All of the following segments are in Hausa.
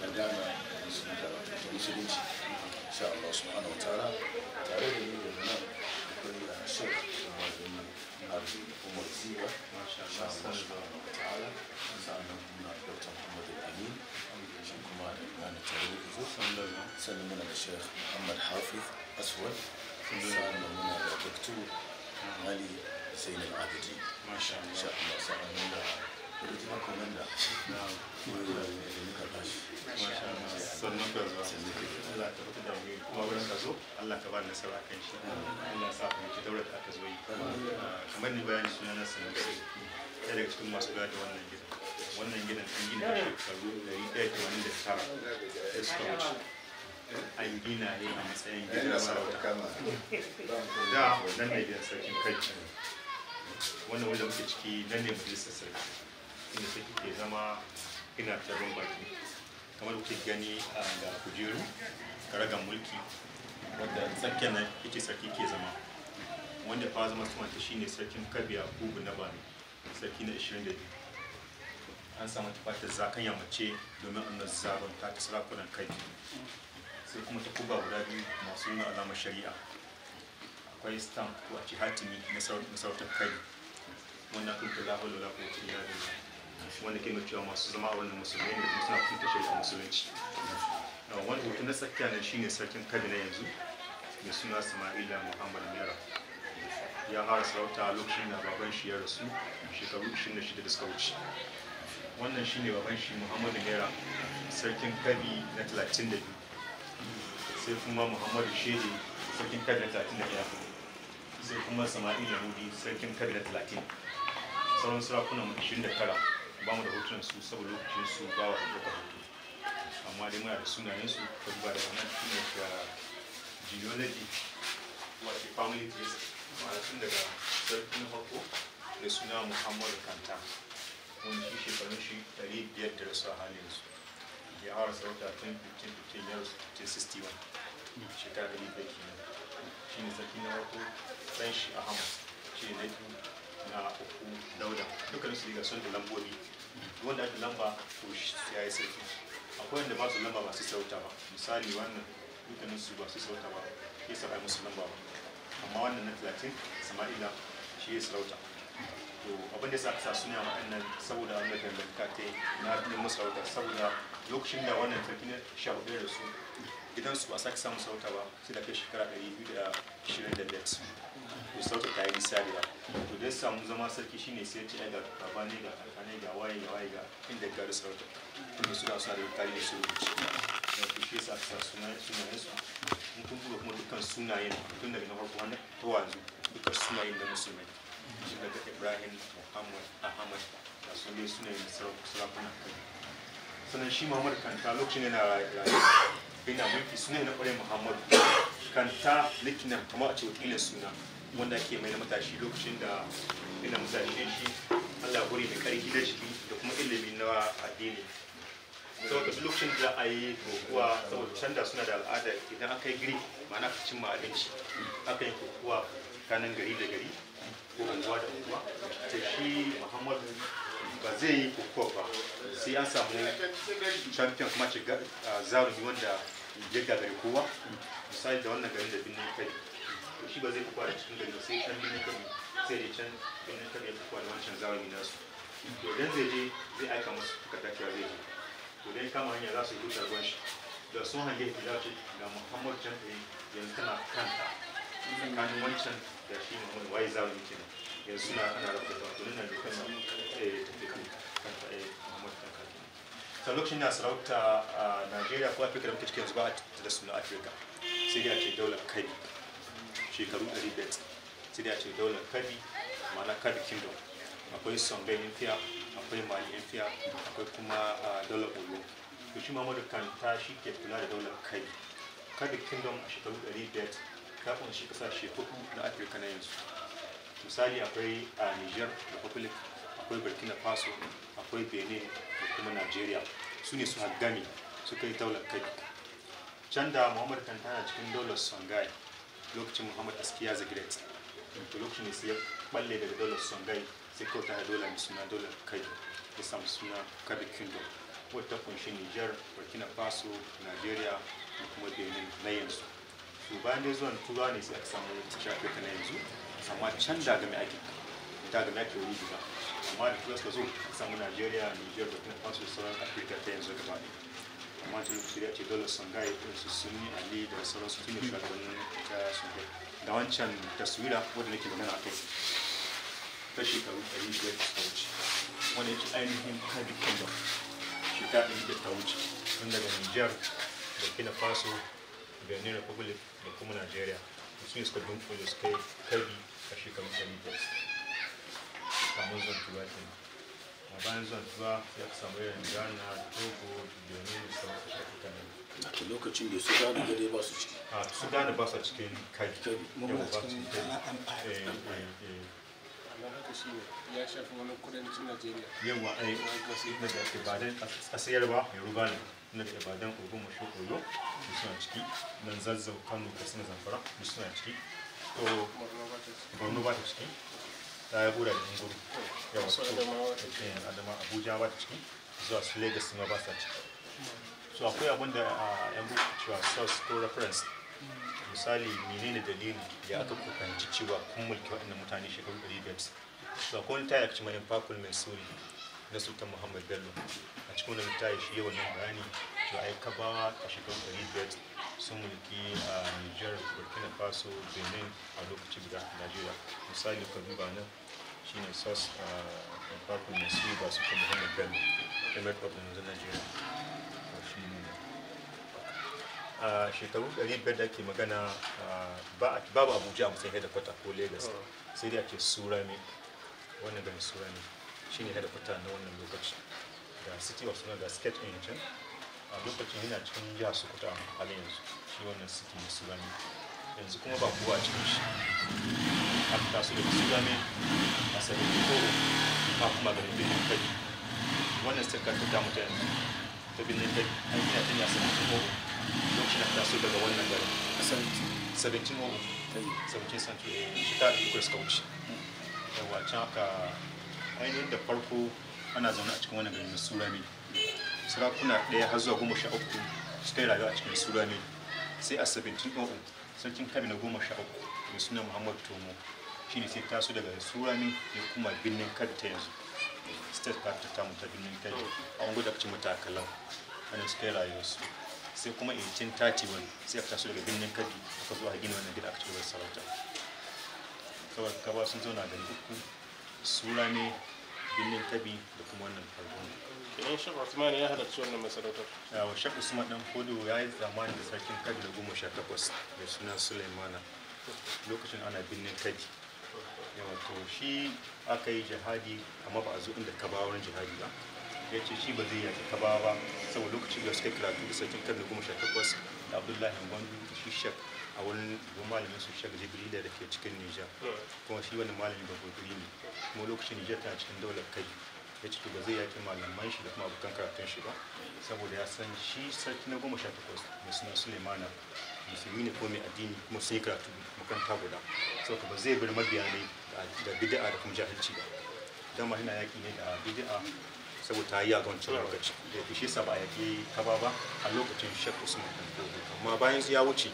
na dama musulunci insha Allah subhanahu wa ta'ala tare da ni da nan akwai a shek arzu umar ziwa insha Allah subhanahu wa ta'ala sa'annan muna dr muhammad amin shi kuma da gane tare da zo sannan muna da shek muhammad hafiz aswad sa'annan muna da doktor ali zainal abidi insha Allah sa'annan da lieutenant na sannan ta da ba nasara kan da wannan gidan an gina shekaru 189 da suka wuce an gina ne a matsayin gidan sarauta da nan ne biyar sarkin kai wannan wanda muke ciki nan ne majalisar sarki inda sai kike zama ina tsaron baki kamar kuke gani ah, ga kujeru karagan mulki wadda tsakiyar nan ita sarki ke zama wanda fa zama shi shine sarkin kabiya kubu na bani sarki na 22 an samu tufatar zakanya mace domin annar zaron ta ta sarakunan kai sai kuma ta kuba guda biyu masu nuna alamar shari'a akwai stamp ko a ci hatimi na sautar kai wannan kuma ta lafa lola ko ta yi wanda ke cewa masu zama a wannan musulmi ne kuma suna fita shari'a musulunci wani hoto na tsakiya ne shine sarkin kabi na yanzu mai suna sama'ila muhammad mera ya fara sarauta lokacin da baban shi ya rasu shekaru 26 da suka wuce wannan shine baban shi muhammadu mera sarkin kabi na 32 sai kuma muhammadu shede sarkin kabi na 31 sai kuma sama'ila hudi sarkin kabi na 30 sauran sarakunan 29 ba mu da hotunan su saboda lokacin su ba wa ɗaukar hoto amma dai muna da sunayen su ta duba daga nan tun daga genealogy wato family tree ma'ana sun daga sarki na farko da suna muhammadu kanta wani shi shekarun shi ɗari biyar da rasu a halin su ya hawa sarauta tun su ya rasu 1561 shekara ɗari biyar kenan shi ne sarki na farko ɗan shi ahmad shi ne na uku dauda dukkanin su daga sun da lambobi wanda ake lamba ko ya yi sarki akwai wanda ba su lamba ba su sarauta ba misali wannan dukkanin su ba su sarauta ba ya sarai musu lamba ba amma wannan na talatin sama'ila shi ya sarauta to abin da ya sa aka suna waɗannan saboda an da dangantaka ta yi na musu sarauta saboda lokacin da wannan sarki na sha hudu da su gidansu ba sa samu sarauta ba sai da kai shekara ɗari biyu da ya sauka kayan sariya to dai samu zama sarki shine sai ce ga baba ne ga kakane ga waye ga waye ga inda gari sarauta kuma su da su da kare da su da ku shi sa sa sunayen sunayen su in kun buga kuma dukkan sunayen tun daga na farko wanda to wanzu dukkan sunayen da musulmai shi daga Ibrahim Muhammad Ahmad da su ne sunayen sarakuna sannan shi Muhammad kanta lokacin yana rayuwa ina mulki sunayen na kwarai Muhammad kanta likinan kamar a ce wakilin suna wanda ke mai na matashi lokacin da ina matashi shi Allah guri mai karfi da ciki da kuma ilimi na addini saboda duk lokacin da a yi kokuwa saboda canda suna da al'ada idan aka yi giri ma'ana ka cimma abinci aka yi kokuwa kanan gari da gari ko unguwa da unguwa ta shi muhammadu ba zai yi kokuwa ba sai an samu champion kuma ce zarumi wanda ya gagari kowa misali da wannan garin da binne kai shi ba zai kuka da cikin gari sai can birnin kan sai je can birnin kano ya kuka da wancan zawami nasu to dan zai je zai aika musu ta cewa zai je to dan kama hanya za su yi hutar ruwan shi da sun hange ta dace ga muhammadu can ta yanzu tana kanta tsakanin wancan da shi muhammadu waye zawami kenan yanzu suna ana rabu da to nan eh, eh, da kansa tafi kanta muhammadu kan kanta ta lokacin na sarauta a ah, nigeria ko afirka da muke cikin yanzu ba a da suna afirka sai dai ce daular kai shekaru 100 sai da ce daular kabi ma'ana kabi kingdom akwai songhai infiya akwai mali infiya akwai kuma daular oyo to shi mamadu ta shi ke kula da daular kabi kabi kingdom a shekaru 100 ta kunshi kasashe hudu na afirka na yanzu misali akwai a niger republic akwai burkina faso akwai benin da kuma nigeria su ne su haggami suka yi daular kabi can da muhammadu kanta na cikin daular songhai lokacin muhammad askiya the great lokacin ne sai ya balle daga daular songai sai kauta da dola mai suna dolar kai ya samu suna kabi kingdom wadda kunshi Nijar, burkina faso nigeria da kuma benin na yanzu su bayan da zuwan turawa ne sai aka samu cikin ta na yanzu amma can da game ake ta game ake wuri guda amma da turawa suka zo aka samu nigeria niger burkina faso sauran afirka ta yanzu gaba kamata ne shirya ce dole sangai su sun yi ali da sauransu tun da shugabannin ta sangai da wancan taswira wadda nake magana a kai ta shekaru ɗari biyar da ta wuce wanda yake ainihin kabi kingdom shekara ɗari biyar ta wuce tun daga niger burkina faso benin republic da kuma nigeria su ne suka dunkule su kai kabi a shekarun ɗari biyar kamar zan tuba kenan bayan ya lokacin da su gane da ba su ciki a su gane ba su cikin kai mun ba su cikin ya shafi wani kudancin najeriya yawa ai na da ke badan asayar ba yoruba ne na da badan ogun mashi su suna ciki nan zazzau kano katsina zamfara suna ciki to borno ba ta ciki ta ya gura da nguru yawa eh, adama abuja ba ta ciki zuwa su Legas na ba sa ciki so akwai abin da yan ah, buku cewa South ko reference misali menene dalili ya aka kukanci cewa kun mulki waɗannan mutane shekaru 500 so akwai wani tayar cewa impactful mai sori na sultan muhammad bello a cikin wani littafi shi nan bayani to ai kabawa a shekaru ɗari biyar sun mulki a niger burkina faso benin a lokaci guda a najeriya misali ka duba nan ne sas a farko na su ba su kuma muhammad bello emirate of the nigeria a shekaru biyar da ake magana babu abuja a matsayin headquarter ko lagos oh. sai dai ake surami wannan gani surami shi ne fita na wannan lokaci da city of suna da skate in can a lokacin yana cikin jihar sokoto a halin yanzu shi wannan city na sulami yanzu kuma ba kowa cikin shi a fita taso daga sulami a sabbin koro ba kuma garin birnin kai wannan sirka ta damu ta yanzu ta birnin fadi an gina ta ne a sabbin koro lokacin da su daga wannan garin sabbin koro sabbin century shi ta ikwai ikon suka wuce yawa can aka ainihin da farko ana zaune a cikin wani gari na surami sarakuna ɗaya har zuwa goma sha uku suka yi rayuwa a cikin surami sai a sabitin ɗin sarkin kabi na goma sha uku mai suna muhammadu tomo shi ne sai taso daga surami ya kuma birnin kabi ta yanzu state park ta tamu ta birnin kabi a wani gudu a cikin matakalan wani suka yi rayuwarsu sai kuma 1831 sai aka taso daga birnin kabi aka zo a gina wannan gida aka ci gaba sarauta kawai kaba sun zauna gari uku sura ne birnin tabi da kuma wannan farko kenan shek usman ya halarci wannan masarautar shek usman dan fodo ya yi zamani da sarkin kadi da goma sha takwas mai suna sulaimana lokacin ana birnin kadi yawa to shi aka yi jihadi amma ba a zo inda kabawar jihadi ba ya ce shi ba zai yaki kabawa ba saboda lokacin da suka karatu da sarkin kadi da goma sha takwas da abdullahi gwandu shi shek a wani malamin su shek jibrila da ke cikin nijar kuma shi wani malami ba gogiri ne kuma lokacin nijar tana cikin daular kai ya ciki ba zai yaƙi malaman shi da kuma abokan karatun shi ba saboda ya san shi sarki na goma sha takwas mai suna sulemana musulmi ne ko mai addini kuma sun yi karatu makaranta guda saboda ba zai bar mabiya ne da bid'a da kuma jahilci ba dama yana yaƙi ne da bid'a saboda ta yi a wancan lokaci da ya shi sa ba a yaƙi kaba ba a lokacin shek usman amma bayan su ya wuce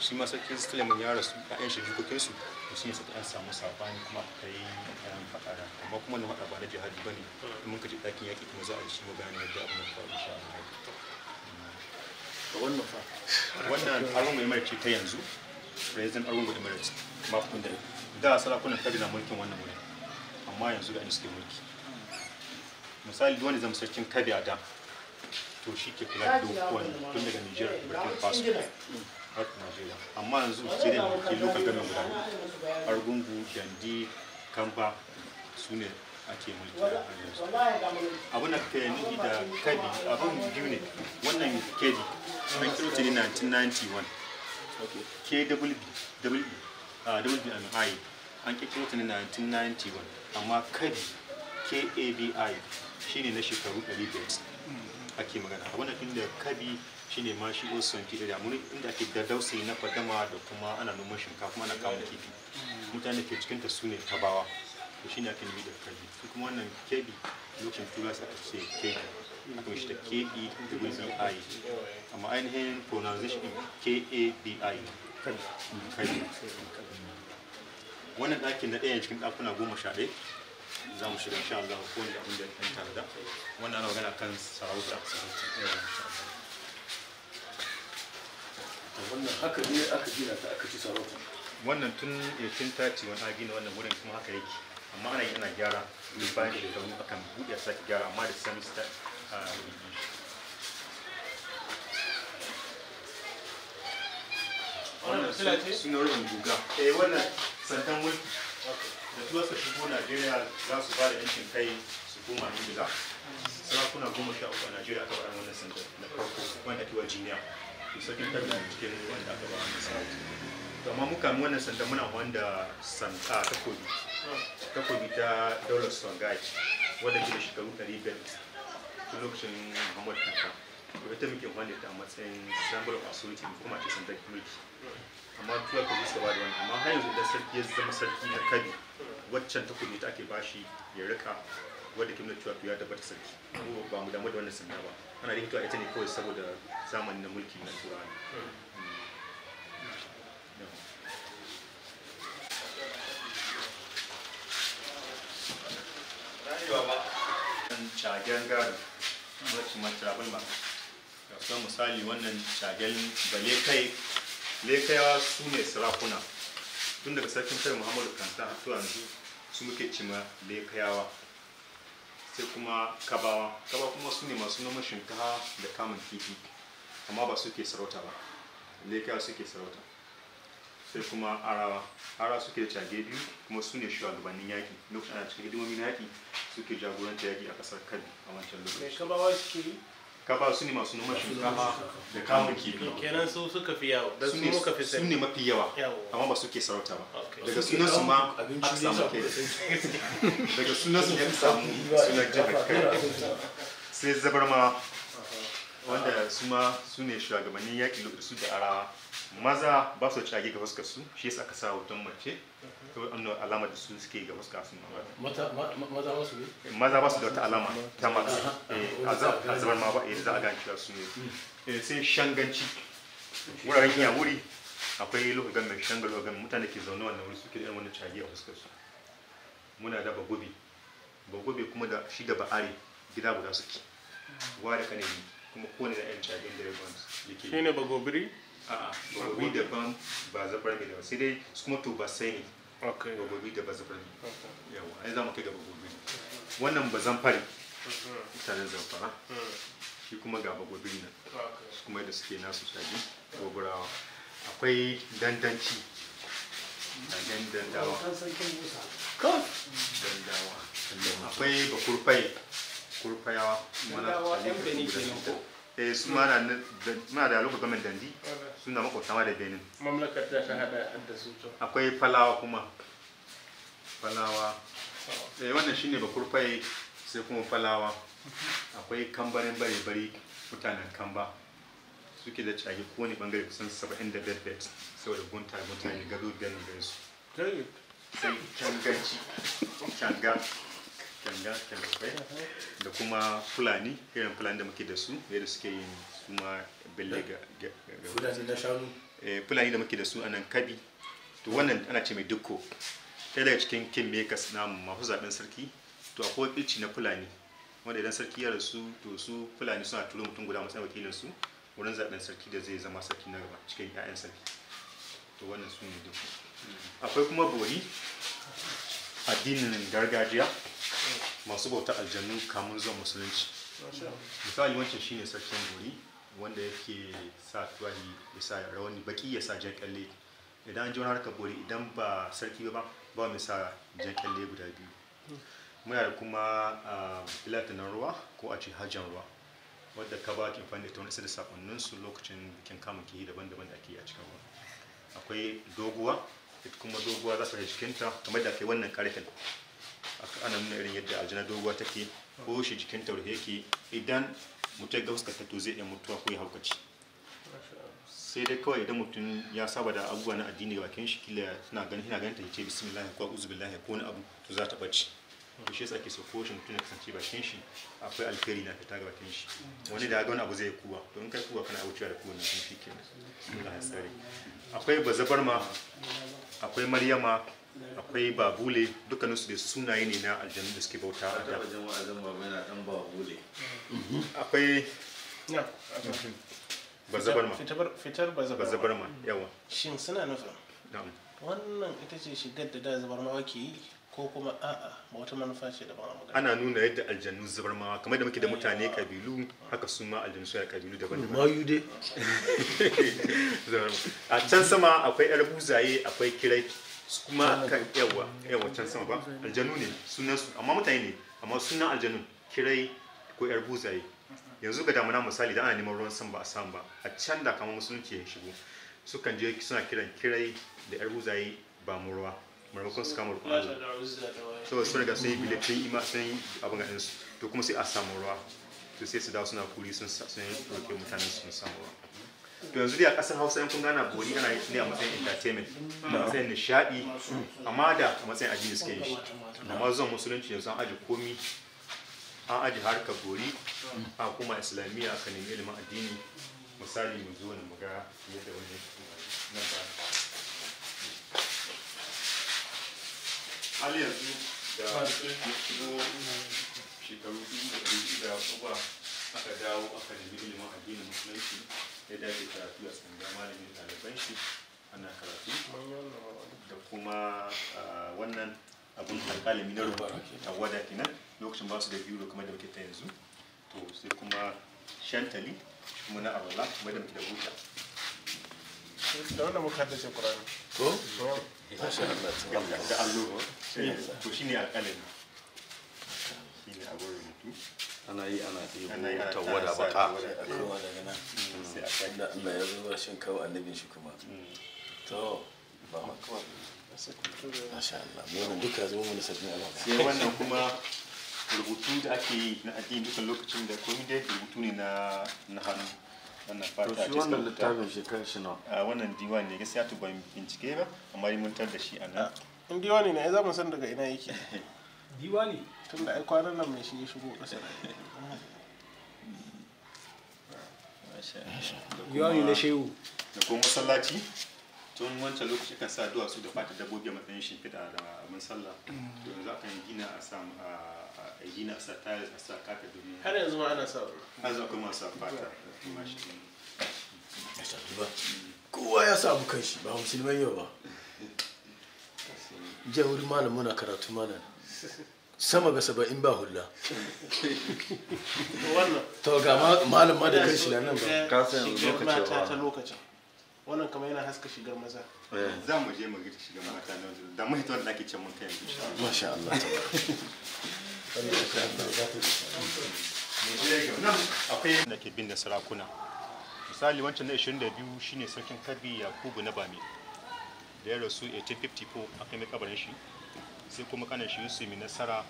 shi ma sarkin suleman ya rasu ƴaƴan shi jikokinsu to shi ne sai an samu sabani kuma aka yi kayan fadara amma kuma na faɗa ba na jihadi bane in mun kaji ɗakin yaƙi kuma za a shi magana bayanin yadda abin ya faru insha Allah wannan fa wannan arungu emirates ce ta yanzu president ce emirates mafin da da sarakunan kabi na mulkin wannan wurin amma yanzu ga suke mulki misali duwani zama sarkin kabi a da to shi ke kula da wannan tun daga Nijar Burkina Faso amma yanzu sai dai mulki local government guda argungu dandi kamba su ne ake mulki a yanzu abin da ka yi da kadi abin biyu ne wannan kadi ah, an kiro ta ne 1991 kwb wb wbi an kiro ta ne 1991 amma kadi kabi ne na shekaru 500 ake magana abin da kabi shine ma shi osun ki da mun inda ke da dausayi na fadama da kuma ana numan shinkafa kuma ana kawo kifi mutane ke cikin ta sune tabawa to shine ake nemi da kabi su kuma wannan kebi lokacin tura sai aka ce kebi aka shi ta kebi da wani ai amma ainihin pronunciation din kabi kabi wannan ɗakin na ɗaya cikin ɗakuna goma sha ɗaya za mu shiga insha Allah ko wanda abin da ya tantar da wannan ana magana kan sarauta sarauta eh, wannan haka ne aka gina ta aka ci sarauta wannan tun yakin taci wani a gina wannan wurin kuma haka yake amma ana yi ana gyara duk bayan shekaru akan buɗe a sake gyara amma da sami sta a rigin wannan suna rubin guga eh wannan santan mulki da tuwa su shigo najeriya za su ba da yankin kai su koma ingila mm. sarakuna goma sha uku a najeriya aka wannan santan na farko wanda tuwa jiniya to sarkin tarbi cikin wanda aka ba wani sanda to amma muka wannan sanda muna wanda sanda takobi takobi ta daular songai wadda ke da shekaru 500 tun lokacin muhammad kanka to ita muke wanda ta matsayin symbol of authority kuma ce sanda mulki amma tuwa ko bisa ba da wani amma har yanzu da sarki ya zama sarki na kabi waccan takobi ta ake bashi ya rika wadda ke nuna cewa ya tabbata sarki ba mu damu da wannan sanda ba ana rikicewa ita ne kawai saboda zamani na mulki na turawa cagen gari wacce matrabin ba kasuwa misali wannan cagen ba lekai lekaiwa su ne sarakuna tun daga sarkin kai muhammadu kanta har yanzu su muke cima lekayawa sai kuma kabawa kaba kuma su ne masu noman shinkafa da kamun kifi amma ba suke sarauta ba leka suke sarauta sai kuma arawa ara suke da tage biyu kuma su ne shugabannin yaki lokacin ana cikin hidimomi na yaki suke jagoranta yaki a kasar kadi a wancan lokacin kabawa suke su ne masu noman shinkafa da kamun kifi kenan su suka fi yawa da su muka fi sani su ne mafi yawa amma ba suke sarauta ba daga sunan su ma aka samu kai daga sunan su ya samu suna jihar kai sai zabar ma wanda su ma su ne shugabannin yaƙi da su da arawa maza ba su cage ga fuskar su shi yasa aka sa hoton mace to annan alama da su suke ga fuskar su maza ba su ne maza ba su da wata alama ta mace a eh, zaman ma ba a eh, za a gane cewa su ne hmm. eh, sai shanganci wuraren iya wuri akwai lokacin mai shangar lokacin mutane ke zaune wannan wuri suke da wani cage a fuskar su muna da bagobe bagobe kuma da shi da ba'ari gida guda suke ware kanemi kuma kone na yan jagen dragons da ke shi ne bagobiri a'a da ban ba zafar mai daban sai dai su kuma to ba sai ne ba gobi da ba zafar mai yawa ai za mu kai ga gobi wannan ba zamfari mhm. mutanen zamfara mhm. shi kuma ga ba gobi nan su kuma yadda suke nasu shagi goburawa akwai dandanci a dandawa dandawa akwai bakurfai kurfayawa mana eh su da lokacin gamin dandi suna makwabta ma da benin mamlakar ta hada da su akwai falawa kuma falawa eh wannan shine ba kurfaye sai kuma falawa akwai kambarin bare-bare mutanen kamba suke da cage kowane bangare kusan 75 bet saboda gunta gunta ne gado biyar ne su sai canganci canga kyanga kyangafai da kuma fulani irin fulani da muke da su yadda suke yin kuma belle ga fulani na shanu eh, fulani da muke da su a nan kabi to wannan ana ce mai dukko Ta daga cikin kin makers namu masu zaben sarki to akwai wakilci na fulani wanda idan sarki ya rasu to su fulani suna turo mutum guda matsayin wakilin su wurin zaben sarki da zai zama sarki na gaba cikin 'ya'yan sarki to wannan su ne dukko akwai kuma bori addinin gargajiya masu bauta aljannu kamun zuwa musulunci misali wancan shine sarkin gori wanda yake sa tuwahi ya sa rawani baki ya sa jan kalle idan an ji wani harkar bori idan ba sarki ba ba mai sa jan kalle guda biyu muna da kuma filatinan ruwa ko a ce hajjan ruwa wadda ka ba ki amfani da ta wani da sakonnin su lokacin bikin kamun kihi daban-daban da ake yi a cikin ruwa akwai doguwa ita kuma doguwa za su jikinta kamar da ke wannan karfin ana nuna irin yadda aljina doguwa take ko shi jikin taurhe yake idan mutum ga fuskarta to zai iya mutuwa ko ya haukaci sai dai kawai idan mutum ya saba da abubuwa na addini ga bakin shi kila suna ganin hina ganin ta yace bismillah ko a'udhu ko wani abu to za ta bace to shi yasa ke so ko shi mutum ya kasance bakin shi akwai alkhairi na fita ga bakin shi wani da ga wani abu zai kuwa to in kai kuwa kana aucewa da kowane shi kenan Allah ya akwai bazabarma akwai maryama akwai babule su da sunaye ne na aljanu da suke bauta a da mhm. akwai bazabarma fitar bazabarma yawa shin suna nufin wannan ita ce shigar da da zabarmawa ke yi ko kuma a'a ba wata manufa ce daban a ana nuna yadda aljannu zabarmawa kamar da muke da mutane kabilu haka su ma aljanu suna kabilu daban daban mayu dai a can sama akwai yar buzaye akwai kirai su kuma yawa yawa can sama ba aljanu ne sunan su amma mutane ne amma sunan aljanun kirai ko yar buzaye yanzu ga damuna misali da ana neman ruwan sama ba a samu ba a can da kama musulunci ya shigo sukan je suna kiran kirai da yar buzaye ba mu ruwa maimakon su kama ruwa so su riga sun yi bile ima sun yi abin gaɗin su to kuma sai a samu ruwa to sai su dawo suna kuri sun yi roƙe mutanen sun samu ruwa to yanzu dai a kasar hausa in kun gana bori ana yi ne a matsayin entertainment a matsayin nishadi hmm. amma da a matsayin ajiye suke yi shi amma zuwan musulunci yanzu an aji komi an aji harka bori hmm. a kuma islamiyya aka nemi ilimin addini misali mu zo mu ga yadda wani nan ba hali yanzu da shekaru biyu da ɗari da uba aka dawo aka nemi ilimin addinin musulunci ya dace karatu a sanda malamin ɗaliban shi ana karatu da kuma wannan abun alƙalami na a wada kenan lokacin ba su da biyu kamar da muke ta yanzu to sai kuma shantali kuma na abala kuma da muke da buta da wannan muka shi ƙurani ko da allo to shine alƙalami shine abun rubutu ana yi ana ɗebo tawada baka da Allah ya kawo annabin shi kuma to ba ma kawai Allah mu wannan duka zo mu sabbin Allah sai wannan kuma rubutu da ake yi na addini dukkan lokacin da komai dai rubutu ne na na hannu wannan fata a cikin littafin shi kan shi na ah, wannan diwan ne gaskiya to ban bincike ba amma mun tar da shi a nan ah, in diwani ne ai za mu san daga ina yake diwa ne tun da ai kwanan nan mai shi shigo ƙasar diwa ne na shehu da kuma masallaci tun wancan lokaci kan sa duwa su da fata dabobi a matsayin shimfiɗa da abin sallah to yanzu akan gina a samu a gina a sa tiles a sa kaka domin har yanzu ma ana sa har yanzu akwai masu fata kowa ya samu kanshi ba musulman yau ba jiya wuri malam karatu malamuna sama ga saba'in ba hula to ga malam ma da kan shi nan ba ka san lokacin ta lokacin wannan kamar yana haska shigar maza eh. za mu je mu gita shigar mata na da mu hito da ake ce mun kai masha Allah akwai da ke bin da sarakuna misali wancan na 22 shine sarkin kabi yakubu na bami da ya rasu 1854 aka yi makabarin shi sai kuma kana shi yusu mai nasara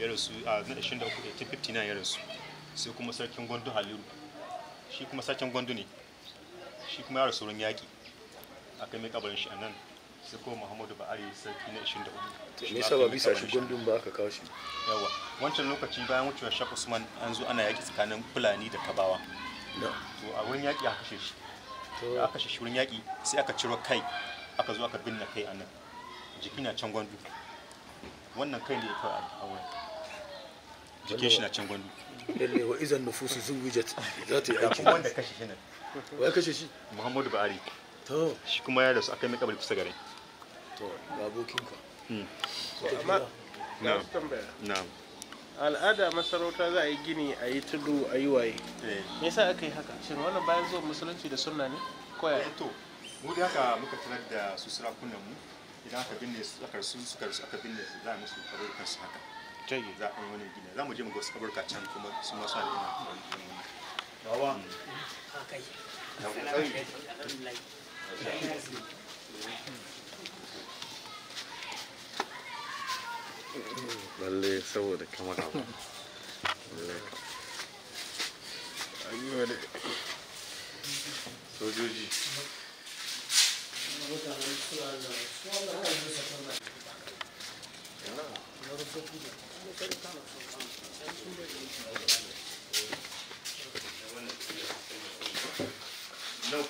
ya rasu a 1859 ya rasu sai kuma sarkin gwandu haliru shi kuma sarkin gwandu ne shi kuma ya rasu wurin yaƙi aka mai kabarin shi a nan sai kuma muhammadu ba'ari sarki na 24 nisa saba bisa shi gundun ba aka kawo shi yawa wancan lokaci bayan wucewar shaf usman an zo ana yaƙi tsakanin fulani da kabawa to a wurin yaƙi aka kashe shi aka kashe shi wurin yaƙi sai aka ciro kai aka zo aka binne kai a nan jiki na can gwandu wannan kai ne kawai a wurin jikin shi na can gwandu lalle wa izan nufusu zuwijat za ta yi aiki wanda kashe shi ne wa kashe shi muhammadu ba'ari to shi kuma ya rasu akai makabari kusa gare to ga abokin hmm. ka amma na na al'ada masarauta za a yi gini a yi tudu a yi waye eh. me yasa aka yi haka shin wannan bayan zuwa musulunci da sunna ne ko ya eh, to mu da haka muka tarar da su sarakunan mu idan aka binne su aka su suka su aka binne su za mu su musu kaburkan su haka jayi za a yi wani gina za mu je mu ga wasu ka can kuma su ma su da ina bawa akai lalle saboda kamara abu sojoji nan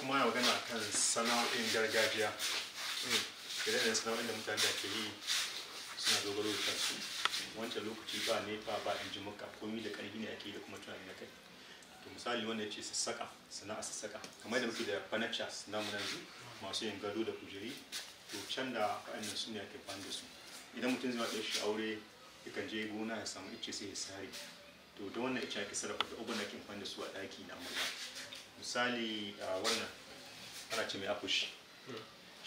kuma ya magana kan sana'o'in gargajiya irin sana'o'in da mutane da ke yi suna dogaro da kansu wancan lokaci ba nefa ba in maka komi da ƙarfi ne ake da kuma tunani na kai to misali wanda ya ce sassaka sana'a sassaka kamar da muke da fanachas na mu yanzu masu yin gado da kujeri to can da wa'annan su ne ake da su idan mutum zai wata shi aure yakan je gona ya samu ice sai ya sare to da wannan ice ake sarrafa da uban ake da su a ɗaki na mu misali wannan ana ce mai shi hmm.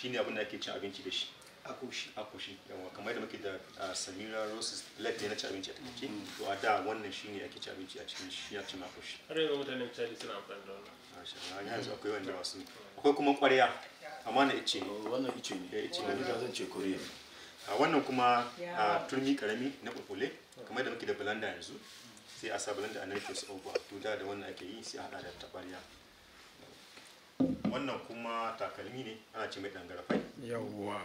shine abin da ake cin abinci da shi akushi akushi yawa kamar yadda muke da samira roses plate na ci abinci a take to a da wannan shi ne ake ci abinci a cikin shi ya ci akushi har yanzu mutanen Chad suna amfani da wannan masha Allah yanzu akwai wanda wasu akwai kuma ƙwarya amma na ice ne oh, wannan ice ne eh, ice ne zan ce koriya a wannan kuma turmi karami na kulkule kamar da muke da blender yanzu sai a sa blender a narke su abubuwa to da da wannan ake yi sai a hada da tabarya wannan kuma takalmi ne ana ce mai dangarafai yawwa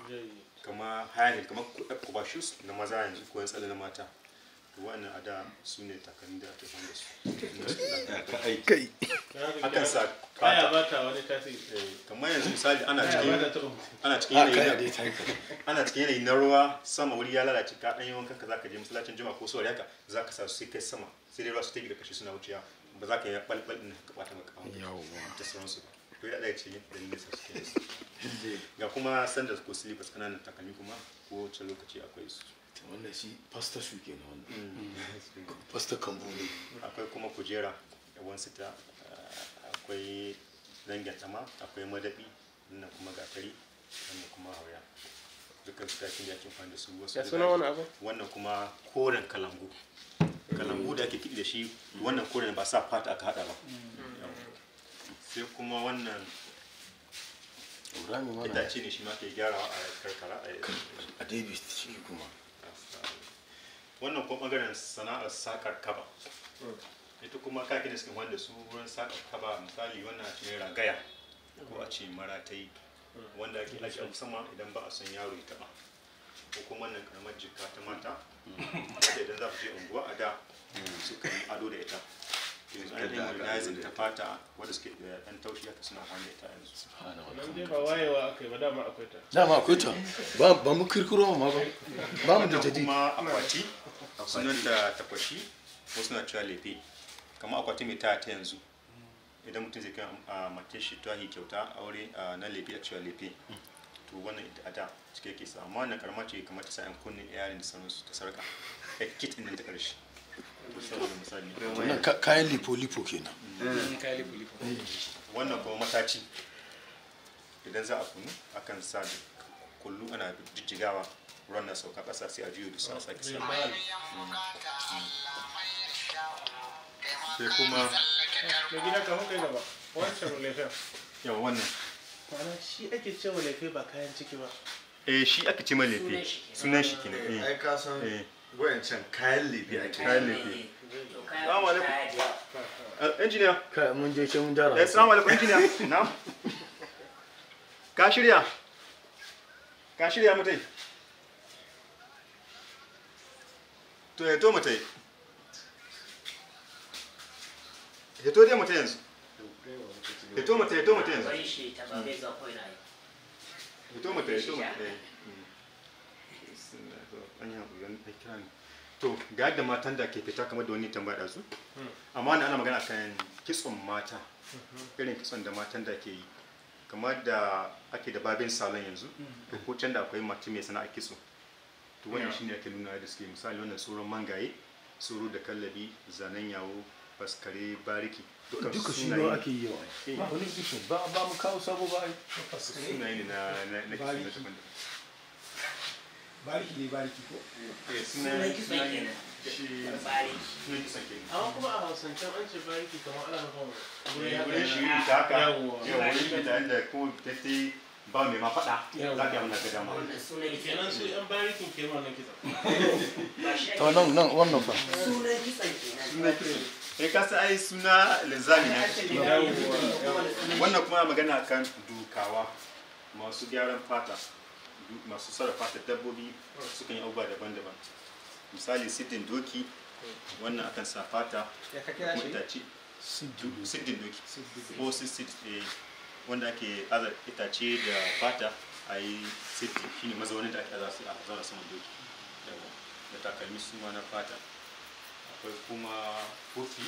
kama haya kama kubashus na maza yanzu ko tsalle na mata to wannan a da su ne takalmi da ake fanda su kai akan sa kaya ba ta wani tasiri eh. kamar yanzu misali ana cikin ana cikin yanayi ana cikin yanayi na ruwa sama wuri ya lalace ka dan yi kanka zaka je masallacin juma'a ko sawari haka zaka sa su sai kai sama sai dai ruwa su take da kashi suna wuciya ba za ka yi balbal din ka bata maka kawo da sauransu ba to ya daga cikin ne nesa suke ga kuma sanda ko slippers ƙananan takalmi kuma ko wancan lokaci akwai su wannan shi pasta su ke na wannan mm. pasta kambu ne akwai kuma kujera yawan sita eh, akwai dangin tama akwai madabi wannan kuma gatari wannan kuma hauya dukkan su takin da ake amfani da su wasu ya suna wani abu wannan kuma koren kalangu kalangu da ake kiɗi da shi wannan koren ba sa fata aka haɗa ba mm. sai kuma wannan itace ne shi ma ke gyarawa a karkara a davis shi kuma wannan kuma maganar sana'ar sakar kaba hmm. ita kuma da suke wanda su wurin sakar kaba misali wannan shi ne ragaya ko a ce maratai hmm. wanda ake ake musamman idan ba a san yaro ya taba ko kuma wannan karamar jika ta mata hmm. wadda idan za ku je unguwa a da su kan ado da ita yanzu an yi modernizing ta fata wadda suke taushi suna ta yanzu nan ba wayewa ba dama akwai ta akwai ta ba mu kirkiro ma ba ba mu da jadi kuma akwati sunan da takwashi wasu na cewa lefe kamar akwati mai ta ta yanzu idan mutum zai kan mace shi ta kyauta aure na lefe a cewa lefe to wannan a da cike ke amma na karma ce kamar ta sa'an kunne yarin da su ta sarka kit ɗin ta ƙarshe wannan kayan lipo-lipo kenan eh. wannan kuma mataci idan za a kunu akan sa kullu ana jijjigawa ruwan na sauka ƙasa sai a juyo da sa sake sa sai kuma da lefe wannan shi ake ba kayan ciki ba eh shi aka ce ma lefe sunan shi kenan eh wayancan kayan lefe ake kayan lefe Assalamu alaikum. Engineer. Kai mun je mun jara. Eh, Assalamu alaikum engineer. Na'am. Ka shirya? Ka shirya mutai? To ya to mutai. Ya to dai mutai yanzu. Ya to mutai, ya to mutai yanzu. Ya to mutai, ya to mutai. an yi haƙuri ne to ga yadda matan da ke fita kamar da wani tambaya da su amma ana magana kan kitson mata irin kitson da matan da ke yi kamar da ake da babin salon yanzu to ko can da akwai mace mai sana'a kitso to wannan shine ake nuna da suke misali wannan tsoron mangaye tsoro da kallabi zanen yawo faskare bariki duka shi ne ake yi wa eh. ba mu kawo sabo ba ai faskare ne na na kitso bariki ne bariki ko eh, eh, sunan kisa kenan amma kuma a hausance an ce bariki kamar ana nufin eh, wurin shi ta haka yawa wurin da inda ko ta ce ba mai ma faɗa za ka yi mana gada ma kenan su yan barikin ke wannan kisa to nan nan wannan fa sunan kisa kenan kisa kai ka ai suna linzami ne wannan kuma magana kan dukawa masu gyaran fata masu sarrafa ta dabbobi sukan yi abubuwa daban-daban misali siddin doki wannan akan sa fata kuma itace siddin doki ko eh, wanda ake aza itace da fata a yi shi ne mazaunin da ake aza su a zauna saman doki da takalmi su ma na fata akwai kuma kofi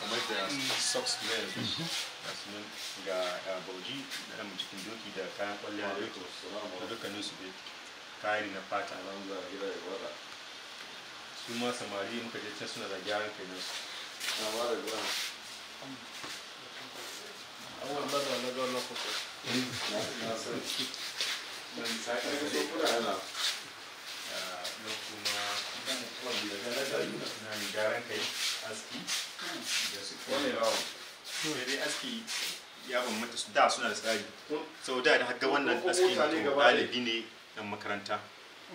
kamar da socks wear ga sunan bauji da ɗan cikin doki da kayan kwalliya da dukkanin su dai kayan na fata su ma samari muka je can suna da gyaran kai na na ga na na san dan sai ka kura ana kuma na gyaran kai aski wani rawo sai dai aski ya bambanta su da suna da tsari sau da haka wannan aski ɗalibi ne ɗan makaranta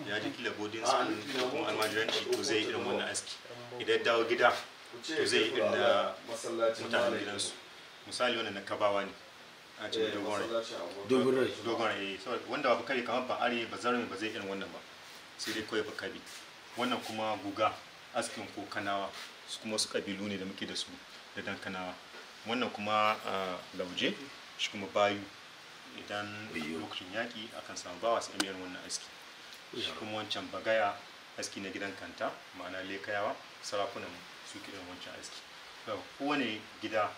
ya ji kila bodin school almajiranci to zai irin wannan aski idan dawo gida to zai irin da mutanen gidansu misali wannan na kabawa ne a cikin dogon rai dogon rai dogon rai wanda ba bakari kamar ba are ba zarumi ba zai irin wannan ba sai dai kawai bakari wannan kuma guga askin ko kanawa su kuma su kabilu ne da muke da su da dankanawa wannan kuma lauje shi kuma bayu idan lokacin yaƙi akan samu bawa su amiyar wannan aski shi kuma wancan bagaya aski na gidan kanta ma'ana lekayawa sarakunan su irin wancan aski kowane gida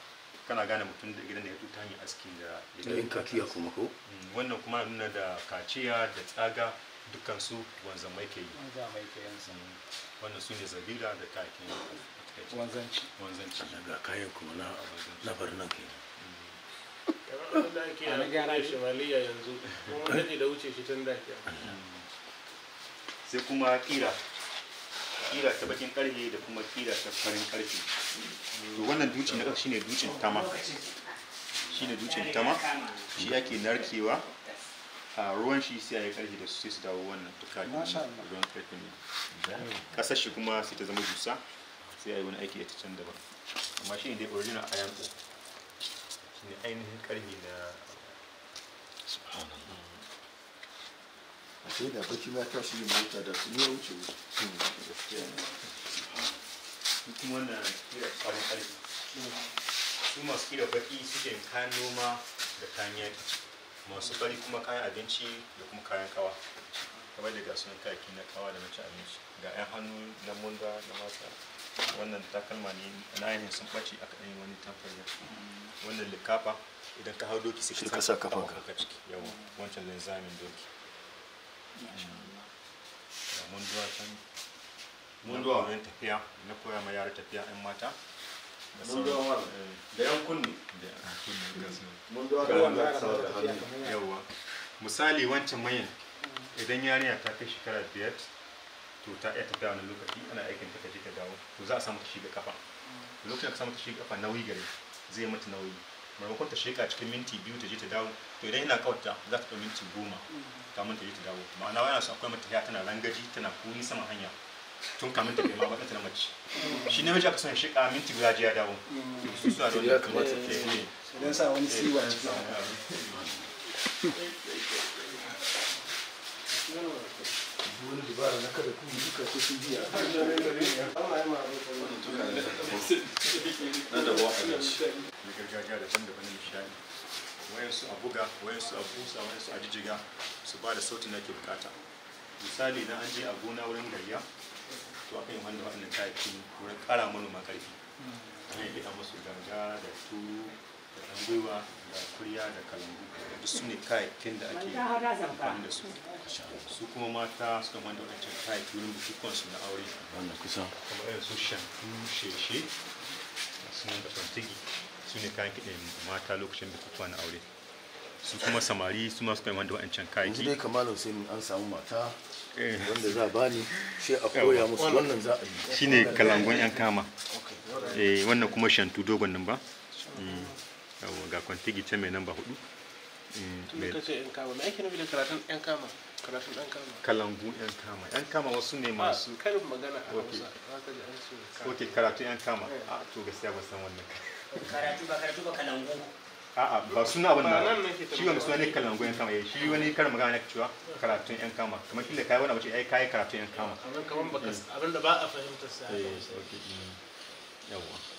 kana gane mutum da gidan da ya tuta hanyar askin da yin kaciya kuma ko mm, wannan kuma nuna da kaciya da tsaga dukkan wanzamai ke yi mm, wannan su ne zabira da kakin wanzanci wanzanci ga kayan kuma na na barnan kamar da ake a yanzu kuma da wuce shi tun da ke sai kuma kira kira ta bakin karfe da kuma kira ta farin karfe to wannan duci na shine ducin tama shine ducin tama shi ake narkewa a ruwan shi sai a yi karfi da su sai su dawo wannan ruwan ne shi kuma sai ta zama dusa sai a yi wani aiki a can daban amma shi ne dai original ayan ore shi ne ainihin ƙarfi na subhanallah mm. a sai da baki na tashi yin mota da su ya wuce wuce hmm. kuma wannan kira sabon karfi su masu kira baki suke kayan noma da kayan yaki masu bari kuma kayan abinci da kuma kayan kawa kamar da ga sun kayaki na kawa da mace abinci ga 'yan hannu na munga na mata wannan takalma ne na yin sun ɓace aka ɗanyi wani tamfariya wannan likafa idan ka hau doki sai ka sa kafa ka ciki yawa wancan linzamin doki mun zuwa can mun zuwa wurin tafiya na koya ma yara tafiya ɗan mata mun zuwa wani eh, da yan kunne da mun zuwa yawa misali wancan mayan idan yariya ta kai shekara biyar to ta iya tafiya wani lokaci ana aikin ta kaje ta dawo to za a samu ta shiga kafa lokacin ka samu ta shiga kafa nauyi gare zai mata nauyi maimakon ta shiga cikin minti biyu ta je ta dawo to idan ina kawata za ta ɗau minti goma kamun ta je ta dawo ma'ana yana su akwai mata tana rangaji tana kuni sama hanya tun kamun ta kai ma baɗanta na mace shi ne mace aka son shiga minti guda je ya dawo su suna da wani kamata ta ne ne sa wani siwa cikin Thank you. wani dubara na kada kuma duka biya Allah ya wani tuka na da wa abinci na gargajiya da daban nishani buga wayansu busa wayansu a jijjiga su ba da sautin da bukata misali na an je a gona wurin gayya to aka yi wanda waɗannan kayayyakin wurin ƙara manoma ƙarfi musu ganga da tuwo da gwiwa da kuriya da kalangu duk su ne da ake amfani da su su kuma mata suka manta wadancan kayayyaki wurin bukukuwan su na aure su shantu sheshe da fantigi su ne kayan kiɗin mata lokacin bukukuwa na aure su kuma samari su ma suka yi wanda wa'ancan yanzu dai kamar sai an samu mata eh. wanda za a bani shi a koya musu wannan za a yi shine kalangon yan kama eh, wannan kuma shantu dogon nan ba hmm. yawa ga kwantigi can mai namba hudu eh, me kace yan kama me ake nufi da karatun yan kama karatun yan kama kalangu yan kama yan kama wasu ne ah, masu karin magana a Hausa zaka ji an ce okay karatu yan kama eh. a ah, to gaskiya ba san wannan karatu ba karatu ba kalangu a'a ba suna abin na shi wani suna ne kalangu yan kama eh, shi wani karin magana ne cewa karatun yan kama kamar kila kai wani abace ai kai karatun yan kama kamar kamar baka abinda ba a fahimtar sai mm. yawa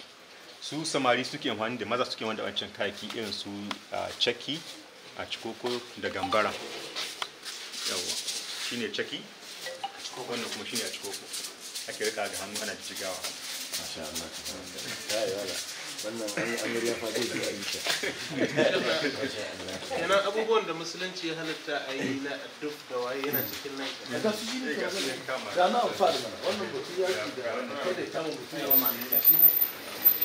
su samari suke amfani da maza suke wanda wancan kayaki irin su a ciki a cikoko da gambara yawa ne caki a cikoko wannan kuma shi ne a cikoko ake rika ga hannu ana jigawa masha Allah ta abubuwan da musulunci ya halatta a yi na duk da waye yana cikin nan ya na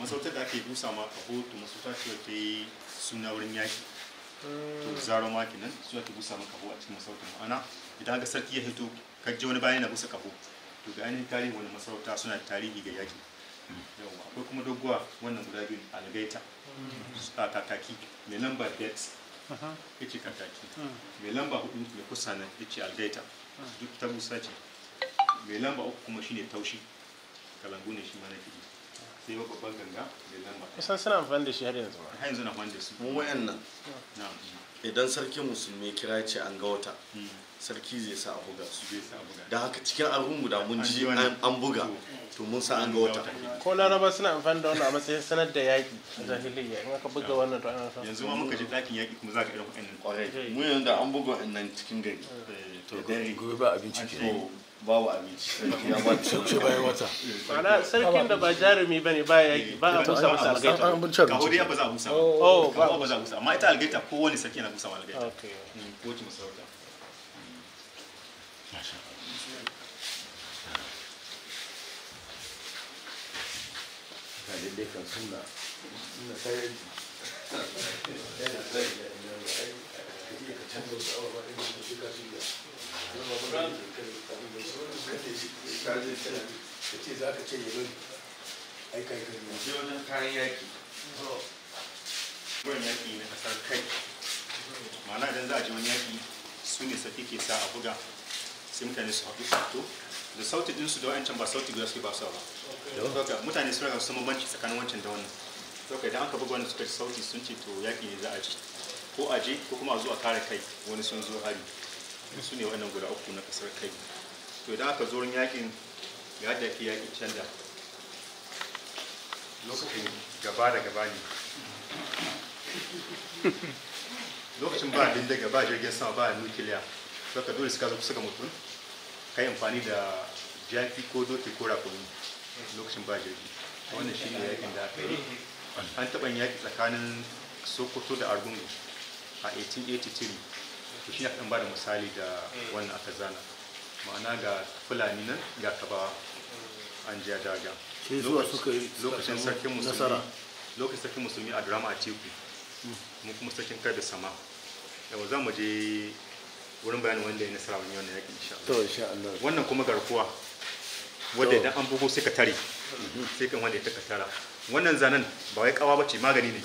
masauta da ake busa ma kaho to masauta ce wata yi suna wurin yaki to mm. zaro ma kenan su ake busa ma kaho a cikin masautar ma'ana idan ga sarki ya hito kajje wani bayan na busa kaho to ga ainihin tarihi wani masauta suna da tarihi ga yaki yawa akwai kuma doguwa wannan guda biyu algaita mm. a kakaki mai lamba bet ya ce kakaki mm. mai lamba hudu mai kusa nan ya ce algaita duk ta busa ce mai lamba uku kuma shine taushi kalangu ne shi ma na kiji sai yi babban ganga da kusan suna amfani da shi har yanzu ba. har yanzu na amfani da su mu idan sarkin musulmi kira ce an ga wata hmm. sarki zai sa a buga su da haka cikin arhun da mun ji an buga to mun sa an ga wata ko laraba suna amfani da wannan a matsayin sanar da yaƙi. in aka buga wannan to ana yanzu ma muka ji ɗakin yaƙi kuma za ka irin wa'annan kwarai eh. mu yanzu da an buga wa'annan cikin gari to eh. gobe ba abinci ke babu abinci bayan wata sarkin da ba jarumi bane ba yaki ba a musa musa algaita ba a musa ba a musa amma ita algaita ko wani sarki na musa algaita hmm, ko Mana idan za a ji wani yaƙi su ne saki ke sa a buga sai mutane su haɗu su da sauti ɗinsu da wa'ancan ba sauti guda suke ba su ba mutane su raga su mabanci tsakanin wancan da wannan saboda idan aka buga wani suka ji sauti sun ce to yaƙi ne za a ji ko a je ko kuma a zo a kare kai wani sun zo hari su ne wannan guda uku na kasar kai to idan aka zo yakin ya da ke yakin canda lokacin gaba da gaba ne lokacin ba bindiga ba jirgin sama ba nukiliya ka dole suka zo kusa ga mutum ka yi amfani da jafi ko doki ko rakumi lokacin ba jirgi wannan shi ne yakin da aka yi an taɓa yaki tsakanin sokoto da argungu a 1883 to shi aka ba da misali da eh. wannan aka zana ma'ana ga fulani nan ga kaba an jiya daga lokacin sarkin musulmi lokacin sarkin musulmi a drama a teku mm. mu kuma sarkin kar da sama yau za mu je wurin bayanin wanda ya nasara wani wannan yakin insha Allah wannan kuma garkuwa wanda idan an bugo sai ka tare mm-hmm. sai kan wanda ya taka tara wannan zanen ba wai kawa bace magani ne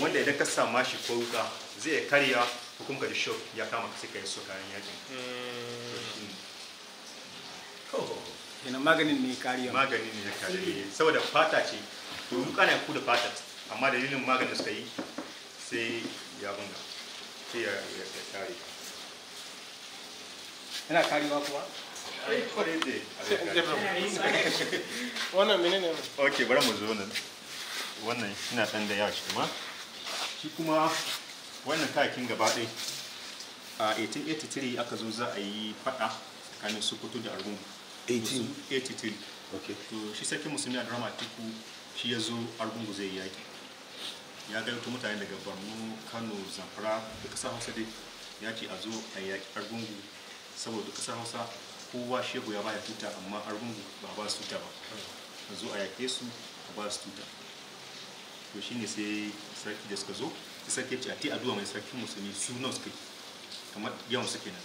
wanda idan ka sama shi ko wuka zai karya ko kuma da shock ya kama ka sai ka yi so kayan yakin hmm. yana maganin ne kariya maganin ne na kariya saboda fata ce to wuka kana ku da fata amma dalilin maganin suka yi sai ya bunga sai ya kare yana karewa kuwa wannan menene ok bari mu zo nan wannan ina san da yawa shi kuma shi kuma wannan kayakin gaba ɗai a 1883 aka zo za a yi faɗa tsakanin sokoto da argungu 1883 to shi sarki musulmi a drama tiku shi ya zo argungu zai yi yaƙi ya gaito mutane daga borno kano zamfara da ƙasar hausa dai ya ce a zo a yaƙi argungu saboda ƙasar hausa kowa shehu ya baya tuta amma argungu ba ba su tuta ba a zo a yaƙe su a ba su tuta to shine sai sarki da suka zo sarki ce a ti addu'a mai sarkin musulmi su suke kamar yawan suke nan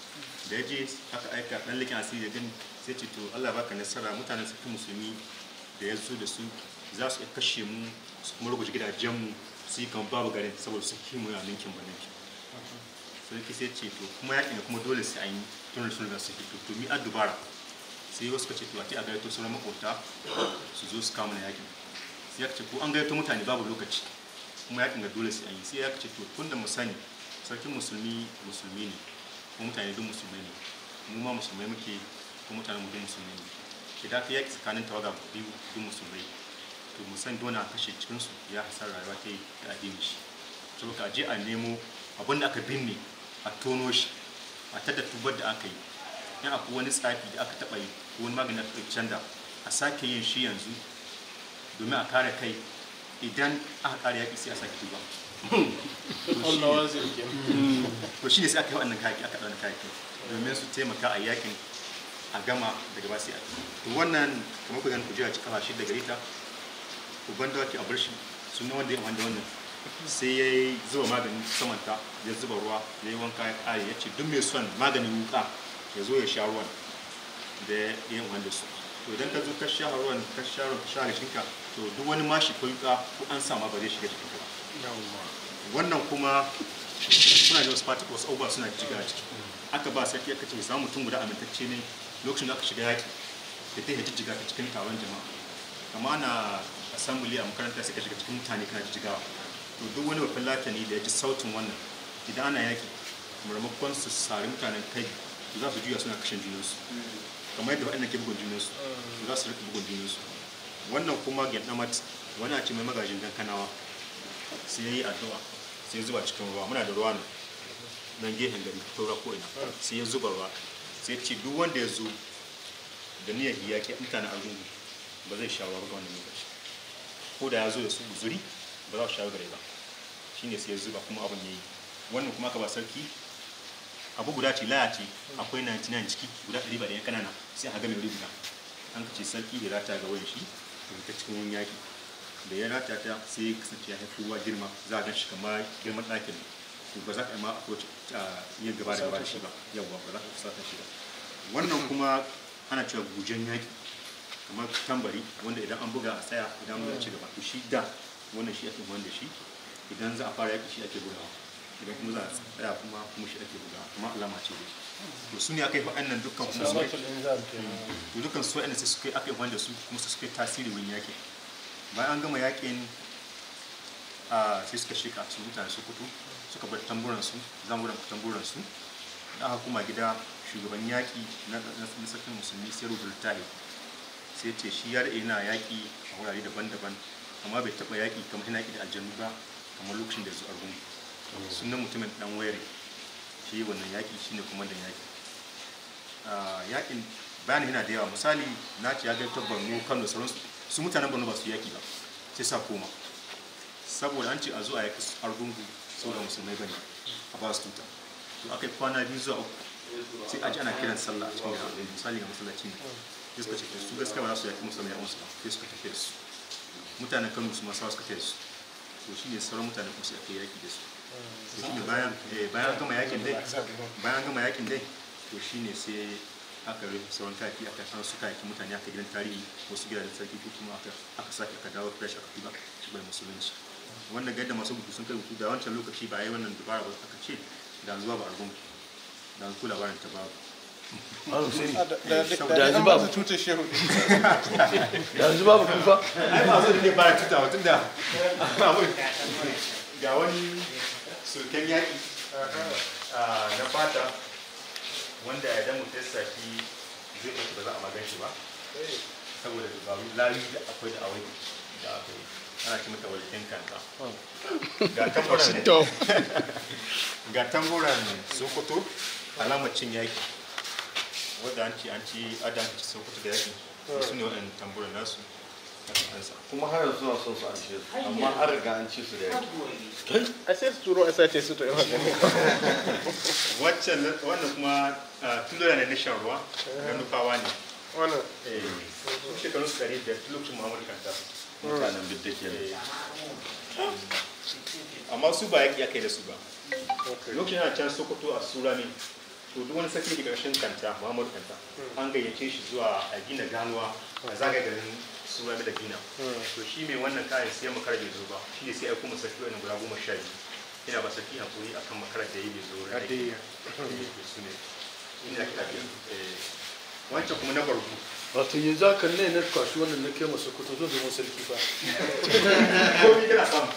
da ya je aka aika dan likin asiri da gani sai ce to Allah baka nasara mutanen sarkin musulmi da ya zo da su za su iya kashe mu su kuma rubuce gidajen mu su yi kamar babu garin saboda sarkin mu a ninkin ba ninkin sarki sai ce to kuma yaƙi ne kuma dole sai an yi tun da sun da su fito to mi a dubara sai wasu kace to a ti a gaito sauran makwabta su zo su kama na yaƙi sai ya ce ko an ta mutane babu lokaci kuma ya ga dole sai an yi sai ya ce to tunda mu sani sarkin musulmi musulmi ne ko mutane duk musulmai ne mu ma musulmai muke ko mutane mu duk musulmi ne ke da yaki tsakanin tawaga biyu duk musulmai to mu san dole a kashe cikin su ya hasar rayuwa ta yi da addini shi saboda a je a nemo abin da aka binne a tono shi a tada tubar da aka yi in akwai wani tsafi da aka taɓa yi ko wani magani da aka canza a sake yin shi yanzu domin a kare kai idan aka kare yaƙi sai a sake duba Allah wa zirke to hmm. ne sai aka yi wannan kayaki aka ɗauki kayaki domin su taimaka a yakin a gama daga basi. sai a to wannan kamar ku gani ku jira cika shi daga rita ku banda wake a bar shi sun wanda ya wanda wannan sai ya yi zuba maganin samanta ya zuba ruwa ya yi wanka ya kare ya ce duk mai son maganin wuka ya zo ya sha ruwan da ya yi wanda su to idan ka zo ka sha ruwan ka sha ruwan ka share shinka to duk wani mashi ko ko an sa ma ba zai shiga jikinka wannan kuma suna da wasu particles over suna jiga ciki aka ba sarki aka ce samu mutum guda amintacce ne lokacin da aka shiga yaki da ta hajji jiga cikin taron jama'a kama na assembly a makarantar sai ka shiga cikin mutane kana jijjigawa to duk wani babban ne da ya ji sautin wannan idan ana yaki maimakon su sari mutanen kai za su juya suna kashe junansu mm. kamar yadda waɗannan ke bugun junansu za su rika bugun junansu wannan kuma gyandamat wani a cikin magajin kanawa sai ya yi addu'a sai zuba cikin ruwa muna da ruwa ne nan gehen gari ta taura ko ina sai ya zuba ruwa sai ce duk wanda ya zo da niyyar iyaki mutanen argungu ba zai shawar ruwa ba wannan lokaci ko da ya zo da su guzuri ba za su shawar gare ba shine sai ya zuba kuma abin ya yi wannan kuma ka ba sarki abu guda ce laya ce akwai 99 ciki guda ɗari ba da kanana sai a ga mai rubuta an kace sarki ya rata ga wani shi ta cikin wani yaki da ya rata ta sai ya kasance ya haifu wa girma za a gan shi kamar girman ɗakin to ba za ka yi ma approach yin gaba da gaba da shi ba yawwa ba za ka sata shi ba wannan kuma ana cewa gujen yaki kamar tambari wanda idan an buga a tsaya idan an buga ci gaba to shi da wannan shi ake wanda shi idan za a fara yaki shi ake gudawa. idan kuma za a tsaya kuma kuma shi ake buga kuma alama ce to su ne aka yi wa'annan dukkan kuma su mm. to dukkan su wa'annan sai suka aka yi wanda su kuma su suka tasiri wani yaƙi bayan an gama yaƙin a sai suka shika su mutane su kutu suka bar tamburan su zamuran tamburan su da aka kuma gida shugaban yaƙi na sarkin musulmi sai rubuta tahi sai ce shi ya daɗe yana yaƙi a wurare daban-daban amma bai taɓa yaƙi kamar yana yaƙi da aljanu ba kamar lokacin da zuwa rungu sunan mutumin dan wayare shi wannan yaki shine kwamandan yaki ah, yakin bayan yana da yawa misali na ci ya gantar mu kano sauran su mutanen borno ba su yaki ba sai sa koma saboda an ce a zo a yaki argungu saboda musulmai bane a ba su tuta to aka yi kwana biyu zuwa uku sai a ji ana kiran sallah a cikin garin misali ga masallaci ne sai suka ce su gaskiya ba za su yaki musulmai a musu ba sai suka tafi da su mutanen kano su ma sa suka tafi da su to shine sauran mutanen kuma sai aka yaki da su to shine bayan bayan gama yakin dai bayan gama yakin dai to shine sai aka rufe sauran kayaki aka su mutane aka gidan tarihi wasu gidajen sarki ko kuma aka aka sake aka dawo fresh aka tuba shi bai musulunci masu sun kai da wancan lokaci ba yi wannan dubara ba aka ce da zuwa ba argon da ku labarin ta babu yanzu ba tuta shehu yanzu ba ku ai ba ne ba tuta tunda ga wani sulken yaƙi ah, na fata wanda ya damu ta saki zai ɗauki ba za a magan shi ba eh. saboda dubaru layu da akwai da awai da aka yi ana ci mata wajen kanta ga tamburan sokoto alamar cin yaƙi wadda an ci an ci adam sokoto da yaƙi hmm. su ne waɗannan tamburan nasu kuma har yanzu su an ce su amma har an ci su da yake a sai su turo a sace su to yawa ne wannan kuma tulo ne na shan ruwa nufawa ne wannan eh su da kanta mutanen bidda ke eh. amma su ba ya kai da su ba lokacin yana can sokoto a surami to duk wani sarki da karshen kanta muhammadu kanta hmm. an gayyace shi zuwa a gina ganuwa a zagaye garin sura da dina to shi mai wannan kayan sai makara bai zo ba shi ne sai aiko masa kiwon guda goma sha biyu ina ba saki hakuri akan makarar da ya bai zo da dai su ne ina ka tafi eh, wancan kuma na barbu wato yanzu haka ne na kwashi wannan na kai masa kuto zuwa domin sarki ba komi kana samu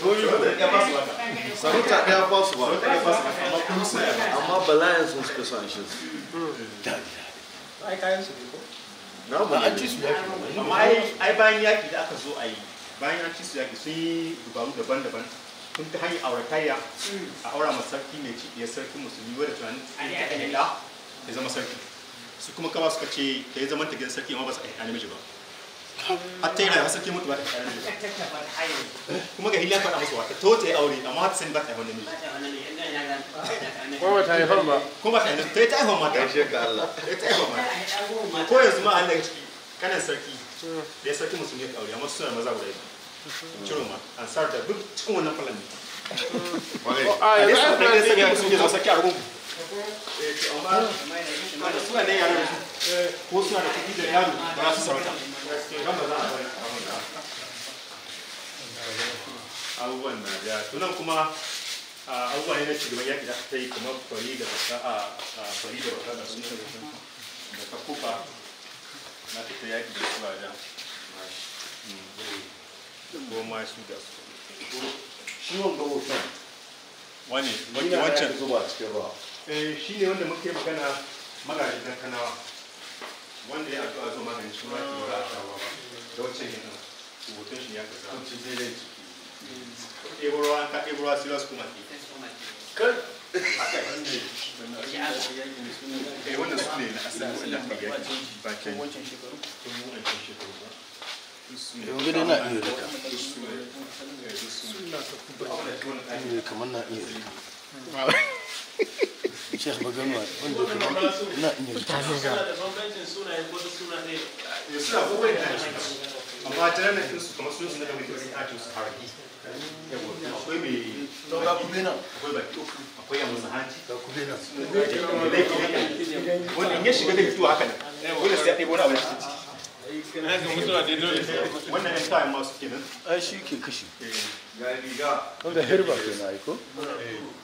komi ba ya ba su ba sarauta ɗaya ba su ba ba ba su amma bala'in sun suka son shi su hmm. ai kayan su ne ko na mu an ci su yaki amma ai bayan yaki da aka zo a yi bayan an ci su yaki sun yi dubaru daban-daban sun ta hanyar auratayya a aura ma sarki mai ci ya sarki musulmi wadda tunanin ta ta ya zama sarki su kuma kama suka ce ta yi zaman ta gidan sarki amma ba su a namiji ba hatta yana kuma ga hilya faɗa musu wata to ta yi aure amma ta ba ta yi wani ba ta yi ba ta yi ta yi ta yi ta yi ko yanzu ma kanan sarki da sarki aure amma suna maza guda biyu ciro ma ansar da duk cikin wannan falon ne. A yanzu an fara ne sarki a rungu. ko da a abubuwan na da tunan kuma a ne na shugaban yaƙi da ta yi kamar kwari da baka a kwari da baka da suna da ta kufa na fita yaƙi da su da ko ma su da su shi wanga wutan wani wancan zuba cikin ruwa Eh, shi ne wanda muke magana magajin kanawa wanda ya a zo magani shi ma ke ba a shawa ba da wacce ne nan shi ya kasa kuncin zai rai ciki ɗeburwa ta ɗeburwa silas kuma ke kar yi eh, wannan su ne na asali yi wancan shekaru wancan shekaru ba yanzu dai na iya rika eh, kamar na iya rika Sheikh Baganwa wanda ya iya ta nuna. Suna ko da na hanci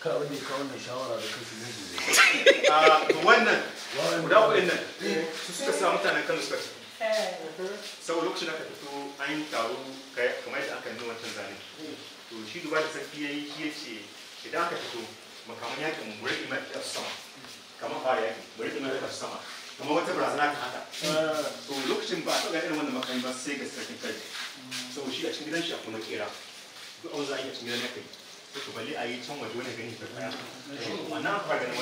ka abin da kawo wannan shawara da kansu ne a ah, wannan guda kuɗin nan eh, eh, su suka sa mutanen kano suka eh. saboda lokacin da aka fito an yi taro kamar yadda aka nuna wancan zane to shi duba da sarki ya yi shi ya ce idan aka fito makaman yakin mu rage mai ƙarfi sama kamar fara yakin mu rage mai ƙarfi sama kamar wata barazana ta haka to lokacin ba a taɓa irin wannan makamai ba sai ga sarkin kai mm. saboda shi a cikin gidan shi a kuma kera duk an za a a cikin gidan ya to bali a yi can waje wani gani ta kaya wannan gani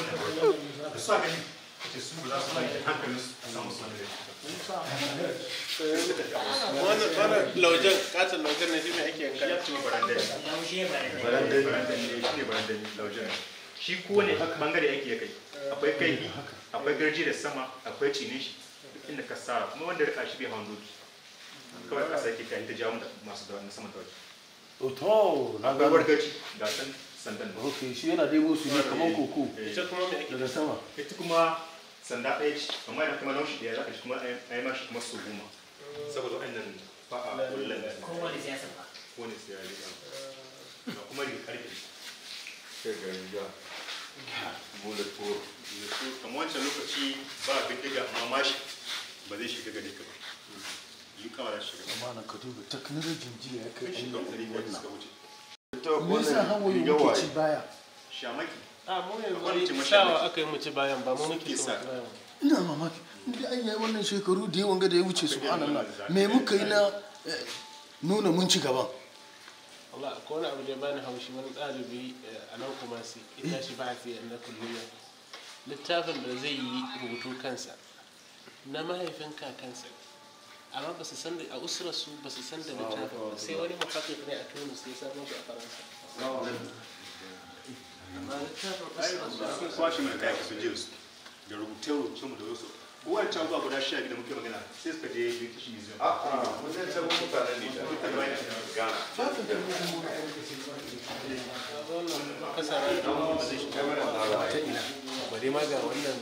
ce su ba za su bari su samu sanar da wannan laujen katon laujen ne shi ne ake yanka ya ne shi ne laujen shi ne bangare yake ya kai akwai kai akwai garji da sama akwai cinin shi inda ka sa kuma wanda rika shi bai hawan doki kawai ka sake ka yi ta masu da wannan sama da o to na ga san sandan ok shi yana debo su ne kamar koko ita kuma daga sama ita kuma sanda ɗaya ce amma idan kuma naushi ɗaya zaka kuma ai ma shi kuma su goma saboda wa'annan fa'a kullum kowa ne siyasa ba kowa ne siyasa ba kuma riga karfe sai ga riga bulletproof kamar wancan lokaci ba bindiga amma mashi ba zai shiga gare ka ba biyu na wannan ci baya yi mu ci ba ci ina mamaki inda an yi wannan shekaru da yawan gada ya wuce su subhanallah me muka yi na nuna mun ci gaba Allah ko abu da bani haushi wani ɗalibi a nan kuma sai ita shi ba fi na kulliya littafin da zai yi rubutu kansa na mahaifin kakansa amma ba su san a usrarsu ba su san da littafin ba sai wani muhakkik ne a tunis ya samo shi a faransa sun kwashe mai kayan su james da rubuce-rubuce mu da wasu kowar can ba guda sha biyu da muke magana sai suka je yi kishi yi zuwa a wajen can mutanen ne da mutane ne gana wannan kasara da ta ina bare ma ga wannan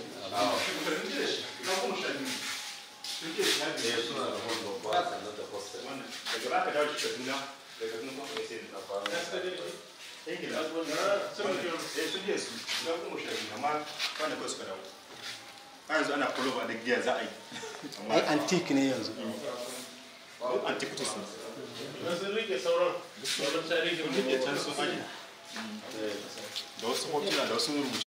yanzu ana kulo ba da giya za a yi ai antik ne yanzu antiquities ne yanzu rike sauran sauran tarihi rike can su aji da wasu hotuna da wasu rubutu